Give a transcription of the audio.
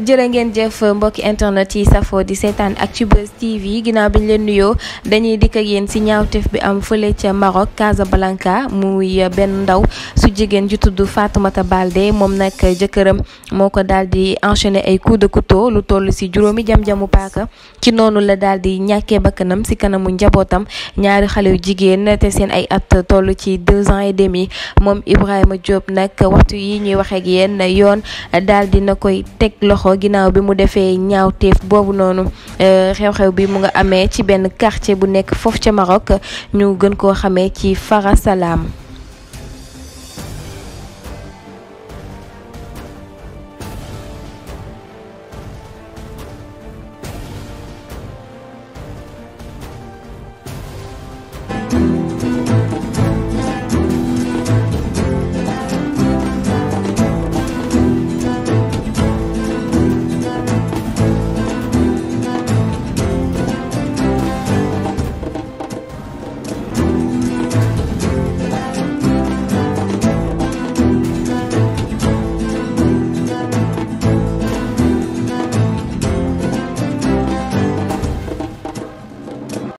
jërë ngeen jëf mbokki internet yi safo di seetaan ak ci Actubuzz TV ginnaaw bi ñu leen nuyoo dañuy dikk ak yéen ñaaw ñaawteef bi am fële ca Maroc Casablanca muy benn ndaw su jigéen ju tudd Fatoumata balde moom nag jëkkëram moo ko daal di enchaîner ay coups de couteau lu toll ci juróomi jam-jamu paaka ci noonu la daal di ñàkkee bakkanam ci kanamu njabootam ñaari xale yu jigéen te seen ay at toll ci deux ans et demi moom Ibrahima Diop nag waxtu yi ñuy wax ak yéen yoon daal di na koy teg loxo ginnaaw bi mu defee ñaawteef boobu noonu euh, xew-xew bi mu nga amee ci benn quartier bu nekk foofu ca Maroc ñu gën koo xamee ci Fara Salam